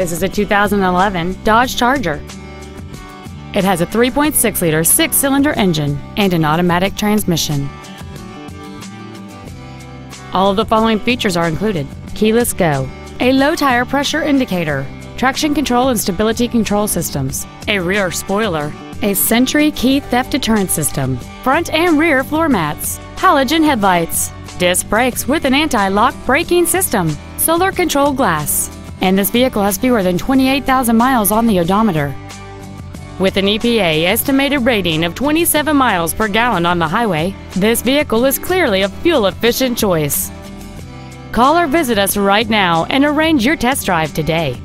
This is a 2011 Dodge Charger. It has a 3.6-liter six-cylinder engine and an automatic transmission. All of the following features are included. Keyless go, a low tire pressure indicator, traction control and stability control systems, a rear spoiler, a Sentry key theft deterrent system, front and rear floor mats, halogen headlights, disc brakes with an anti-lock braking system, solar control glass, and this vehicle has fewer than 28,000 miles on the odometer. With an EPA estimated rating of 27 miles per gallon on the highway, this vehicle is clearly a fuel-efficient choice. Call or visit us right now and arrange your test drive today.